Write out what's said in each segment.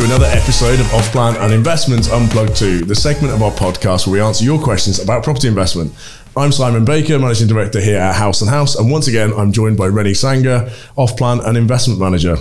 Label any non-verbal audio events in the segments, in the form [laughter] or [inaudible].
to another episode of Off Plan and Investments Unplugged 2, the segment of our podcast where we answer your questions about property investment. I'm Simon Baker, Managing Director here at House and House, and once again, I'm joined by Rennie Sanger, Off Plan and Investment Manager.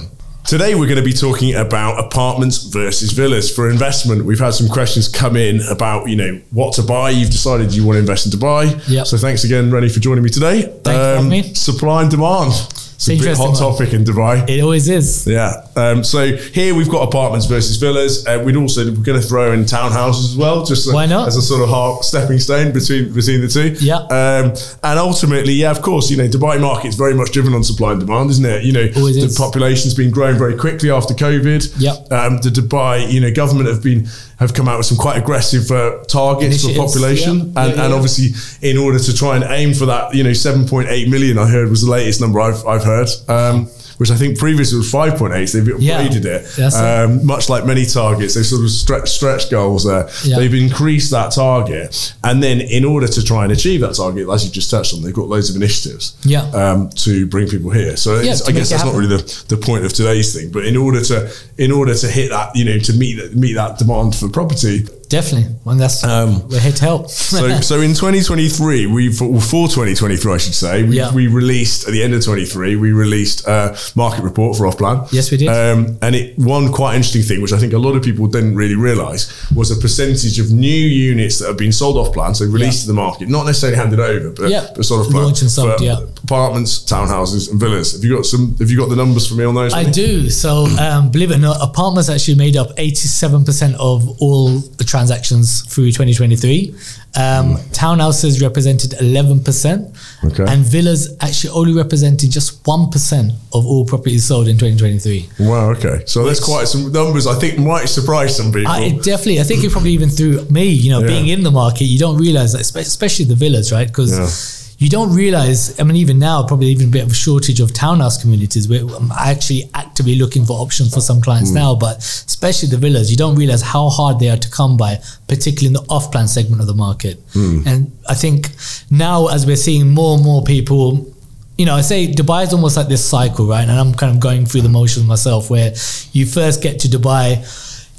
Today, we're going to be talking about apartments versus villas for investment. We've had some questions come in about, you know, what to buy. You've decided you want to invest in Dubai. Yep. So thanks again, Rennie, for joining me today. Thanks um, me. Supply and demand. It's a hot topic in Dubai. It always is. Yeah. Um, so here we've got apartments versus villas. Uh, we'd also we're going to throw in townhouses as well, just why not as a sort of hard stepping stone between between the two. Yeah. Um, and ultimately, yeah, of course, you know, Dubai market is very much driven on supply and demand, isn't it? You know, always the is. population's been growing very quickly after COVID. Yeah. Um, the Dubai, you know, government have been have come out with some quite aggressive uh, targets for population, yeah. and, yeah, yeah, and obviously in order to try and aim for that, you know, 7.8 million, I heard was the latest number I've I've heard. Um, which I think previously was 5.8. So they've upgraded yeah, it. Um, much like many targets, they sort of stretch stretch goals there. Yeah. They've increased that target. And then in order to try and achieve that target, as you just touched on, they've got loads of initiatives yeah. um, to bring people here. So yeah, I guess that's not really the, the point of today's thing. But in order to in order to hit that, you know, to meet that, meet that demand for property, Definitely, and that's um, we're here to help. so, [laughs] so in 2023, we for 2023, I should say, we, yeah. we released at the end of 23, we released a market report for off-plan. Yes, we did. Um, and it one quite interesting thing, which I think a lot of people didn't really realise, was a percentage of new units that have been sold off plan, so released yeah. to the market, not necessarily handed over, but, yeah. but sort of and sold, yeah. apartments, townhouses, and villas. Have you got some? Have you got the numbers for me on those? I do. So um, believe it or not, apartments actually made up 87% of all the transactions through 2023. Um, mm. Townhouses represented 11%, okay. and villas actually only represented just 1% of all properties sold in 2023. Wow, okay. So Which, that's quite some numbers I think might surprise some people. I, definitely. I think it probably even through me, you know, yeah. being in the market, you don't realize that, especially the villas, right? Because. Yeah you don't realize, I mean, even now, probably even a bit of a shortage of townhouse communities. We're I'm um, actually actively looking for options for some clients mm. now, but especially the villas, you don't realize how hard they are to come by, particularly in the off plan segment of the market. Mm. And I think now, as we're seeing more and more people, you know, I say Dubai is almost like this cycle, right? And I'm kind of going through the motions myself where you first get to Dubai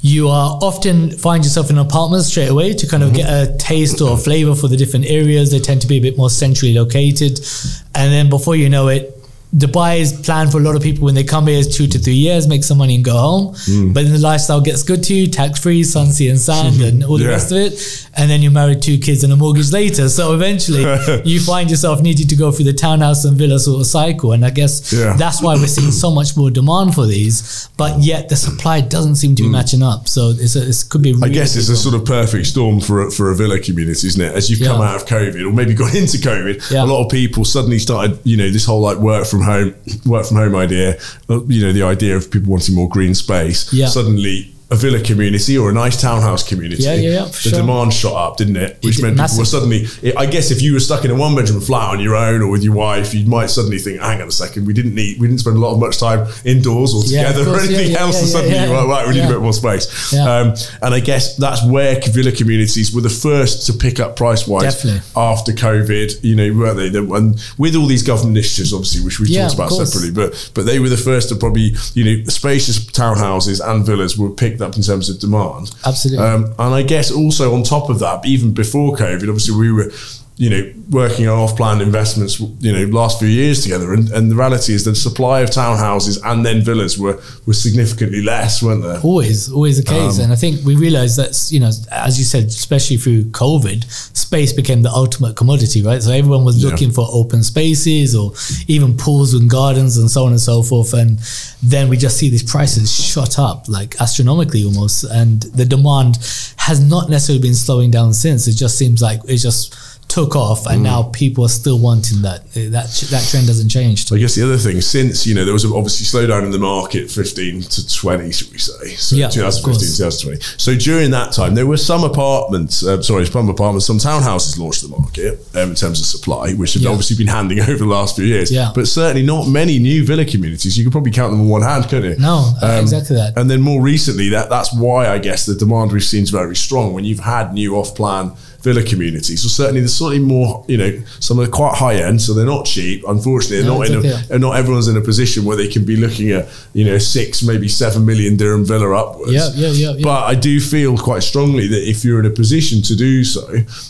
you are often find yourself in an apartment straight away to kind of mm-hmm. get a taste or a flavor for the different areas. They tend to be a bit more centrally located. And then before you know it, Dubai's plan for a lot of people when they come here is two to three years, make some money and go home. Mm. But then the lifestyle gets good to you, tax free, sun, sea, and sand, hmm. and all the yeah. rest of it. And then you marry two kids, and a mortgage later. So eventually [laughs] you find yourself needing to go through the townhouse and villa sort of cycle. And I guess yeah. that's why we're seeing so much more demand for these, but yet the supply doesn't seem to be mm. matching up. So it's a, it could be. Really I guess it's difficult. a sort of perfect storm for a, for a villa community, isn't it? As you've yeah. come out of COVID or maybe got [laughs] into COVID, a lot of people suddenly started, you know, this whole like work from from home, work from home idea, uh, you know, the idea of people wanting more green space, yeah. suddenly a villa community or a nice townhouse community. Yeah, yeah, yeah. the sure. demand shot up, didn't it? Which it meant people were suddenly. I guess if you were stuck in a one-bedroom flat on your own or with your wife, you might suddenly think, "Hang on a second, we didn't need, we didn't spend a lot of much time indoors or together yeah, course, or anything yeah, else." and suddenly you were right, we need a bit more space. Um, and I guess that's where villa communities were the first to pick up price-wise after COVID. You know, were not they? And with all these government initiatives, obviously, which we talked about separately, but but they were the first to probably you know spacious townhouses and villas were picked picked up in terms of demand. Absolutely. Um, and I guess also on top of that, even before COVID, obviously we were you know, working on off-plan investments, you know, last few years together. And, and the reality is the supply of townhouses and then villas were were significantly less, weren't there? Always, always the case. Um, and I think we realised that's, you know, as you said, especially through COVID, space became the ultimate commodity, right? So everyone was looking yeah. for open spaces or even pools and gardens and so on and so forth. And then we just see these prices shot up like astronomically almost. And the demand has not necessarily been slowing down since. It just seems like it's just took off, and mm. now people are still wanting that. That that trend doesn't change. I guess the other thing, since you know there was obviously slowdown in the market, fifteen to twenty, should we say? So yeah, 2015, 2020. So during that time, there were some apartments, uh, sorry, some apartments, some townhouses launched the market um, in terms of supply, which have yeah. obviously been handing [laughs] over the last few years. Yeah. but certainly not many new villa communities. You could probably count them on one hand, couldn't you? No, um, exactly that. And then more recently, that that's why I guess the demand we've seen is very strong. When you've had new off-plan villa community. So certainly there's slightly more, you know, some are quite high end, so they're not cheap. Unfortunately, no, not in a, and not everyone's in a position where they can be looking at, you know, six, maybe seven million dirham villa upwards. Yeah, yeah, yeah, yeah. But I do feel quite strongly that if you're in a position to do so,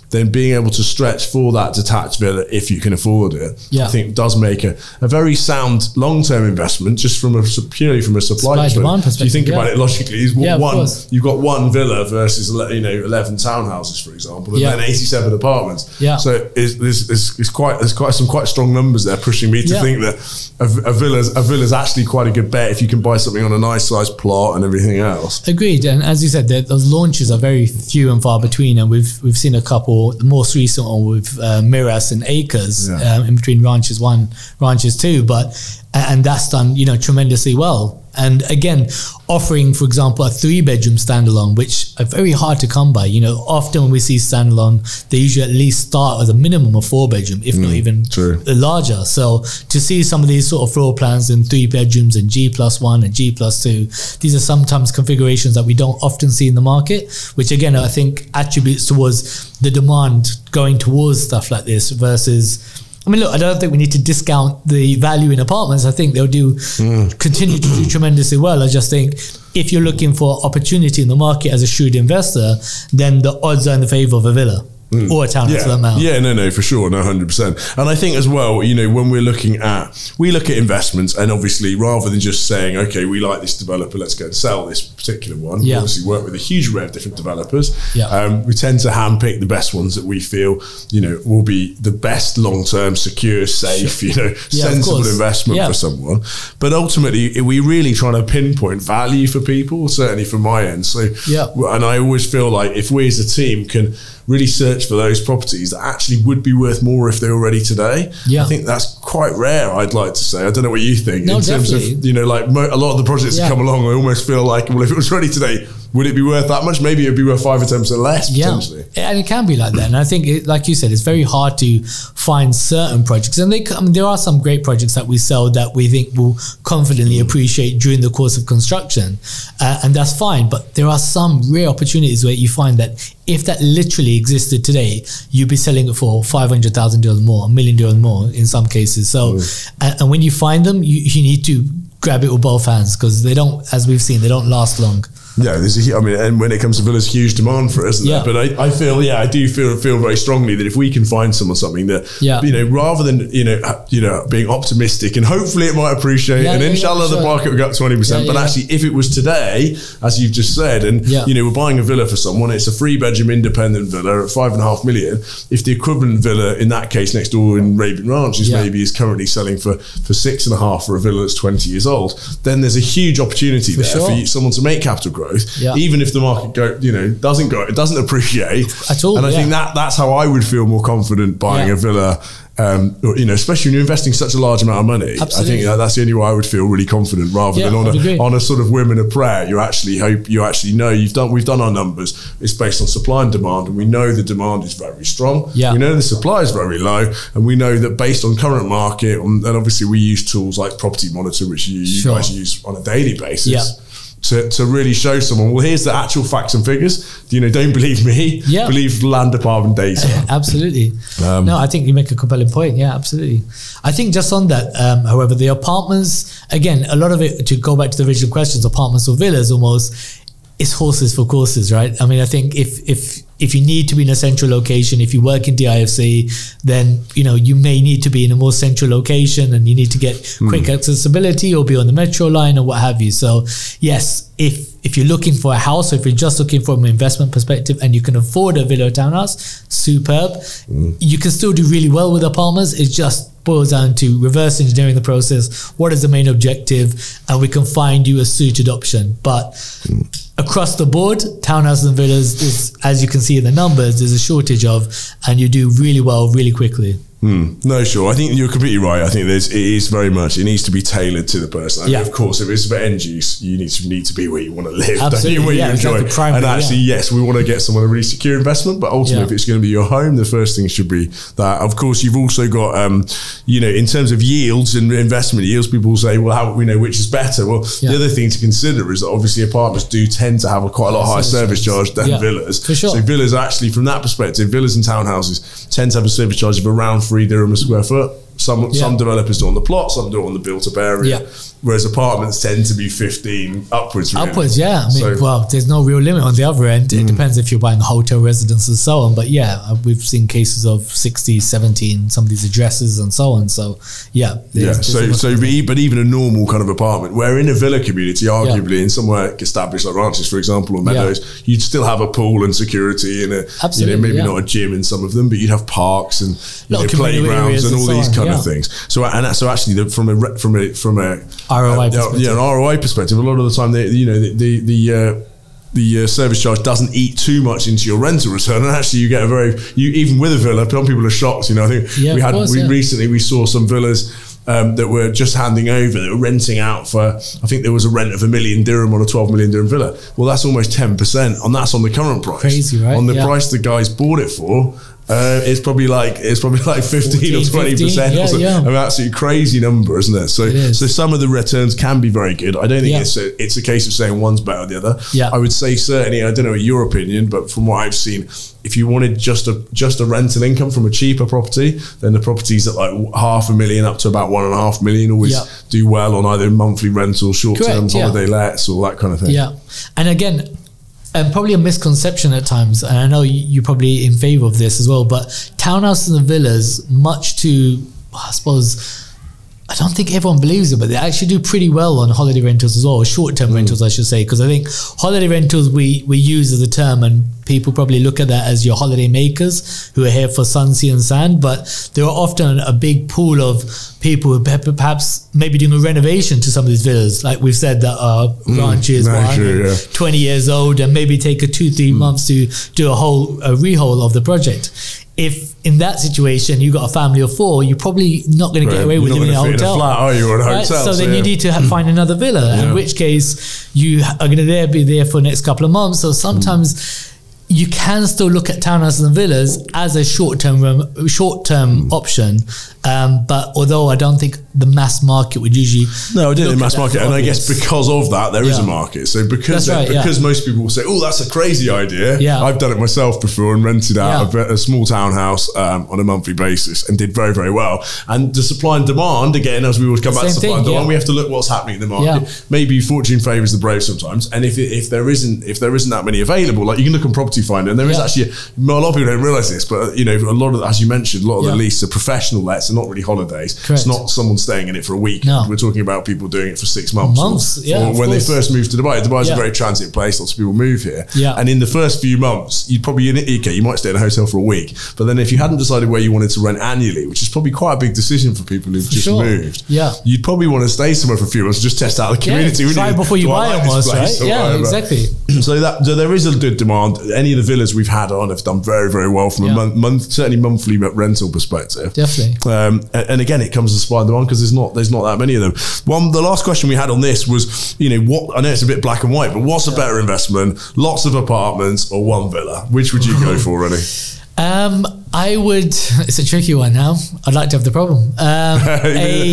then being able to stretch for that detached villa if you can afford it, yeah. I think does make a, a very sound long term investment just from a purely from a supply, supply perspective. if you think yeah. about it logically, is yeah, one you've got one villa versus you know eleven townhouses, for example yeah. then 87 apartments. Yeah. So it's, it's, it's, it's, quite there's quite some quite strong numbers there pushing me to yeah. think that a, a villa's a villa's actually quite a good bet if you can buy something on a nice sized plot and everything else. Agreed. And as you said, the, those launches are very few and far between, and we've we've seen a couple. The most recent one with uh, Miras and Acres yeah. um, in between Ranches One, Ranches Two, but and that's done you know tremendously well and again, offering, for example, a three bedroom standalone, which are very hard to come by. You know, often when we see standalone, they usually at least start with a minimum of four bedroom, if mm, not even true. larger. So to see some of these sort of floor plans in three bedrooms and G plus one and G plus two, these are sometimes configurations that we don't often see in the market, which again, I think attributes towards the demand going towards stuff like this versus I mean, look, I don't think we need to discount the value in apartments. I think they'll do mm. continue to do tremendously well. I just think if you're looking for opportunity in the market as a shrewd investor, then the odds are in the favor of a villa. Mm. Or channels yeah. somehow. Yeah, no, no, for sure, no, hundred percent. And I think as well, you know, when we're looking at, we look at investments, and obviously, rather than just saying, okay, we like this developer, let's go and sell this particular one. Yeah. We obviously, work with a huge array of different developers. Yeah. Um, we tend to handpick the best ones that we feel, you know, will be the best long term, secure, safe, you know, yeah, sensible investment yeah. for someone. But ultimately, we really trying to pinpoint value for people, certainly from my end. So, yeah. And I always feel like if we as a team can really search search for those properties that actually would be worth more if they were ready today. Yeah. I think that's quite rare, I'd like to say. I don't know what you think no, in definitely. terms of, you know, like a lot of the projects yeah. that come along, I almost feel like, well, if it was ready today, would it be worth that much? Maybe it'd be worth five or ten percent less. Yeah, and it can be like that. And I think, it, like you said, it's very hard to find certain projects. And they, I mean, there are some great projects that we sell that we think will confidently appreciate during the course of construction, uh, and that's fine. But there are some rare opportunities where you find that if that literally existed today, you'd be selling it for five hundred thousand dollars more, a million dollars more in some cases. So, mm. and, and, when you find them, you, you need to grab it with both hands because they don't, as we've seen, they don't last long. Yeah, there's a, I mean, and when it comes to Villa's huge demand for us, yeah. But I, I feel, yeah, I do feel feel very strongly that if we can find someone something that, yeah. you know, rather than you know, you know, being optimistic and hopefully it might appreciate, yeah, and yeah, inshallah yeah, the market will go up twenty percent. but actually, if it was today, as you've just said, and you know, we're buying a villa for someone, it's a three bedroom independent villa at five and a half million. If the equivalent villa in that case next door in Raven Ranch is maybe is currently selling for for six and a half for a villa that's twenty years old, then there's a huge opportunity for there sure. for you, someone to make capital growth growth, yeah. even if the market go, you know doesn't go, it doesn't appreciate at all. And I yeah. think that that's how I would feel more confident buying yeah. a villa. Um, or, you know, especially when you're investing such a large amount of money, Absolutely. I think that's the only way I would feel really confident. Rather than on a on a sort of whim and a prayer, you actually hope you actually know you've done. We've done our numbers. It's based on supply and demand, and we know the demand is very strong. Yeah. we know the supply is very low, and we know that based on current market, and obviously we use tools like property monitor, which you, you sure. guys use on a daily basis. Yeah to, to really show someone, well, here's the actual facts and figures. You know, don't believe me. Yeah. [laughs] Believe land department data. [laughs] absolutely. Um, no, I think you make a compelling point. Yeah, absolutely. I think just on that, um, however, the apartments, again, a lot of it, to go back to the original questions, apartments or villas almost, it's horses for courses, right? I mean, I think if, if if you need to be in a central location, if you work in DIFC, then you know you may need to be in a more central location, and you need to get mm. quick accessibility or be on the metro line or what have you. So yes, if if you're looking for a house, or if you're just looking from an investment perspective, and you can afford a villa townhouse, superb. Mm. You can still do really well with apartments. It just boils down to reverse engineering the process. What is the main objective, and we can find you a suited option, but. Mm across the board, townhouses and villas is, as you can see in the numbers, there's a shortage of, and you do really well really quickly. Hmm. No, sure. I think you're completely right. I think there's it is very much it needs to be tailored to the person. I mean, yeah. Of course, if it's for end use, you need to need to be where you want to live, [laughs] Absolutely. You, where yeah, you enjoy. primary, and actually, yeah. yes, we want to get someone a really secure investment, but ultimately, yeah. if it's going to be your home, the first thing should be that. Of course, you've also got, um, you know, in terms of yields and investment yields, people say, well, how we you know which is better. Well, the other thing to consider is that obviously apartments do tend to have a quite a lot higher service charge than villas. For sure. So villas actually, from that perspective, villas and townhouses tend to have a service charge of around three dirham a square foot. Some yeah. some developers do on the plot, some do on the built-up area. Yeah. Whereas apartments tend to be fifteen upwards. Really. Upwards, yeah. I mean, so, well, there's no real limit on the other end. It mm. depends if you're buying hotel residence and so on. But yeah, uh, we've seen cases of 60, 70 in some of these addresses and so on. So yeah, yeah. So so be, but even a normal kind of apartment, where in a villa community, arguably yeah. in somewhere established like ranches, for example, or meadows, you'd still have a pool and security and a Absolutely, you know maybe not a gym in some of them, but you'd have parks and know, playgrounds and all so these on. kind yeah. of things. So and so actually, the, from a from a from a ROI uh, perspective. yeah an ROI perspective, a lot of the time, they, you know, the the, the uh, the uh, service charge doesn't eat too much into your rental return, and actually you get a very you even with a villa. Some people are shocked, you know. I think yeah, we had course, we yeah. recently we saw some villas. Um, that were just handing over, that were renting out for, I think there was a rent of a million dirham on a 12 million dirham villa. Well, that's almost 10%, and that's on the current price. Crazy, right? On the yeah. price the guys bought it for, uh, it's probably like it's probably like [laughs] fifteen 14, or twenty percent. Yeah, yeah. An absolutely crazy number, isn't it? So so some of the returns can be very good. I don't think yeah. it's a, it's a case of saying one's better than the other. Yeah. I would say certainly. I don't know your opinion, but from what I've seen, if you wanted just a just a rental income from a cheaper property, then the properties at like half a million up to about one and a half million always yeah. do well on either monthly rental, short term holiday lets, all that kind of thing. Yeah, and again, and probably a misconception at times, and I know you're probably in favor of this as well, but townhouses and villas, much to, I suppose, I don't think everyone believes it, but they actually do pretty well on holiday rentals as well, short term mm. rentals, I should say, because I think holiday rentals we, we use as a term and people probably look at that as your holiday makers who are here for sun, sea, and sand, but there are often a big pool of people who perhaps maybe doing a renovation to some of these villas. Like we've said that our mm, ranches yeah. 20 years old and maybe take a two, three mm. months to do a whole a rehaul of the project. If in that situation, you have got a family of four, you're probably not going to get away with living in a hotel. flat, are you, or a right? So, so then yeah. you need to have, find another villa, yeah. in which case you are going to there be there for the next couple of months. So sometimes mm. you can still look at townhouses and villas as a short term short term mm. option. Um, but although I don't think the mass market would usually. No, I didn't mass market, and I guess because of that, there yeah. is a market. So because right, because yeah. most people will say, "Oh, that's a crazy idea." Yeah, I've done it myself before and rented out yeah. a, a, small townhouse um, on a monthly basis and did very very well. And the supply and demand again, as we would come back to supply thing, and demand, we have to look what's happening in the market. Maybe fortune favors the brave sometimes, and if if there isn't if there isn't that many available, like you can look on Property Finder, and there is actually a lot of people don't realize this, but you know a lot of as you mentioned, a lot of the leases are professional lets, they're not really holidays. Correct. It's not someone's staying in it for a week. No. We're talking about people doing it for six months. Months, or, yeah. Or when course. they first moved to Dubai, Dubai is yeah. a very transit place. Lots of people move here. Yeah. And in the first few months, you'd probably in okay, you might stay in a hotel for a week, but then if you hadn't decided where you wanted to rent annually, which is probably quite a big decision for people who've for just sure. moved, yeah, you'd probably want to stay somewhere for a few months and just test out the community. Yeah, try you? before you buy like almost, right? Yeah, exactly. [clears throat] so that so there is a good demand. Any of the villas we've had on have done very very well from yeah. a month, month certainly monthly rental perspective. Definitely. Um, and, and again, it comes to supply and demand because there's not there's not that many of them. One, the last question we had on this was, you know, what I know it's a bit black and white, but what's a better investment? Lots of apartments or one villa? Which would you go for, Rennie? Um, I would. [laughs] It's a tricky one. Now I'd like to have the problem. Um, [laughs] a,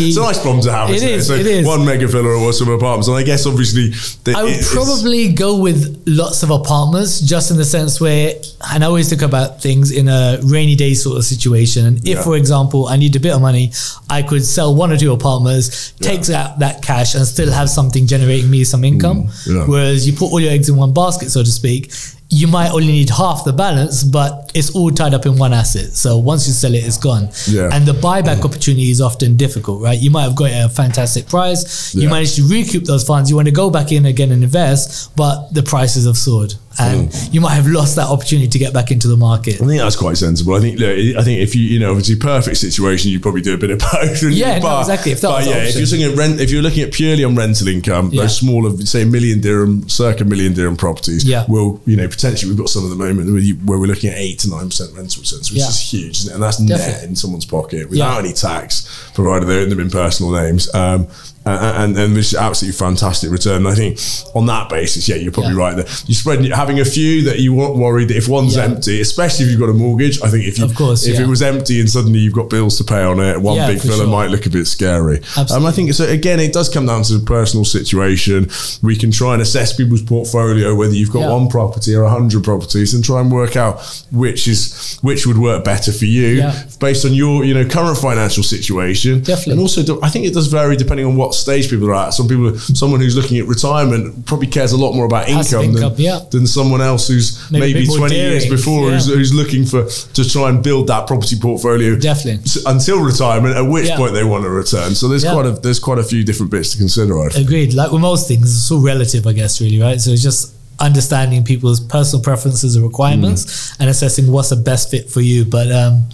it's a nice problem to have. Isn't it is. So it is. One mega villa or some apartments, and I guess obviously I would probably go with lots of apartments, just in the sense where, and I always think about things in a rainy day sort of situation. And if, yeah. for example, I need a bit of money, I could sell one or two apartments, yeah. out that cash, and still have something generating me some mm, income. Mm, yeah. Whereas you put all your eggs in one basket, so to speak, you might only need half the balance, but it's all tied up in one asset. So once you sell it, it's gone. Yeah. And the buyback opportunity is often difficult, right? You might have got a fantastic price. You managed to recoup those funds. You want to go back in again and invest, but the prices have soared. And mm. you might have lost that opportunity to get back into the market. I think that's quite sensible. I think, I think if you, you know, if it's a perfect situation, you probably do a bit of [laughs] both. Yeah, but, no, exactly. If that but yeah, option. if you're looking at rent, if you're looking at purely on rental income, yeah. those smaller, say, million dirham, circa million dirham properties, yeah. will, you know, potentially we've got some at the moment where we're looking at eight nine percent rental returns, which yeah. is huge, and that's Definitely. net in someone's pocket without yeah. any tax, provided they in them in personal names. Um, and, and, and this is absolutely fantastic return. I think on that basis, yeah, you're probably yeah. right there. You spread having a few that you weren't worried that if one's yeah. empty, especially if you've got a mortgage. I think if you, of course, if yeah. it was empty and suddenly you've got bills to pay on it, one big filler sure. might look a bit scary. Um, I think so. Again, it does come down to the personal situation. We can try and assess people's portfolio whether you've got one property or hundred properties, and try and work out which is which would work better for you based on your you know current financial situation. Definitely, and also I think it does vary depending on what stage people are at. Some people, someone who's looking at retirement probably cares a lot more about income, income than, yeah. than someone else who's maybe, maybe 20 daring, years before yeah. who's, who's, looking for to try and build that property portfolio definitely until retirement, at which yeah. point they want to return. So there's quite a there's quite a few different bits to consider. I think. Agreed. Like with most things, it's all relative, I guess, really, right? So it's just understanding people's personal preferences and requirements mm. and assessing what's the best fit for you. But um,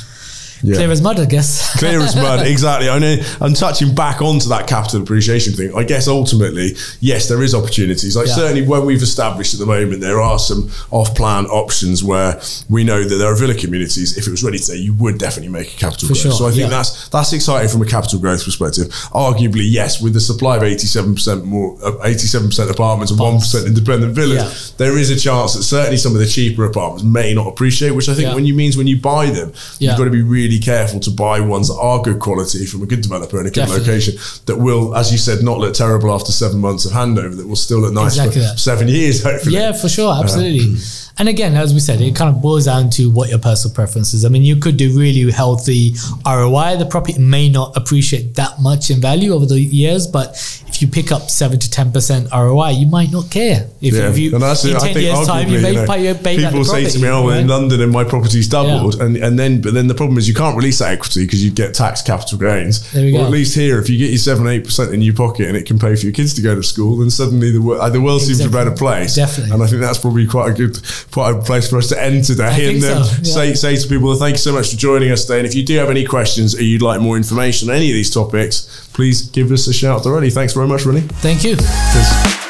yeah. clear as mud, I guess. [laughs] clear as mud, exactly. I am touching back onto that capital appreciation thing, I guess ultimately, yes, there is opportunities. Like yeah. certainly when we've established at the moment, there are some off-plan options where we know that there are villa communities. If it was ready today, you would definitely make a capital For growth. Sure. So I think yeah. that's that's exciting from a capital growth perspective. Arguably, yes, with the supply of eighty-seven percent more, eighty-seven percent apartments and one percent independent villas, there is a chance that certainly some of the cheaper apartments may not appreciate. Which I think when you means when you buy them, you've got to be really really careful to buy ones that are good quality from a good developer in a good Definitely. location that will, as you said, not look terrible after seven months of handover, that will still look nice exactly for that. seven years, hopefully. Yeah, for sure. Um, absolutely. Um, [clears throat] and again, as we said, it kind of boils down to what your personal preference is. I mean, you could do really healthy ROI. The property may not appreciate that much in value over the years, but you pick up seven to ten percent ROI, you might not care if, yeah. if you and that's in it, ten I think years time you, may you know, pay, your pay people say to me, "Oh, right? in London, and my property's doubled," yeah. and and then but then the problem is you can't release that equity because you get tax capital gains. There we go. Or at least here, if you get your seven eight percent in your pocket and it can pay for your kids to go to school, then suddenly the uh, the world exactly. seems a better place. Definitely, and I think that's probably quite a good quite a place for us to end today. and um, so. yeah. say say to people, "Thank you so much for joining us today." And if you do have any questions or you'd like more information on any of these topics please give us a shout Ronnie. Thanks very much, Ronnie. Thank you. Cheers.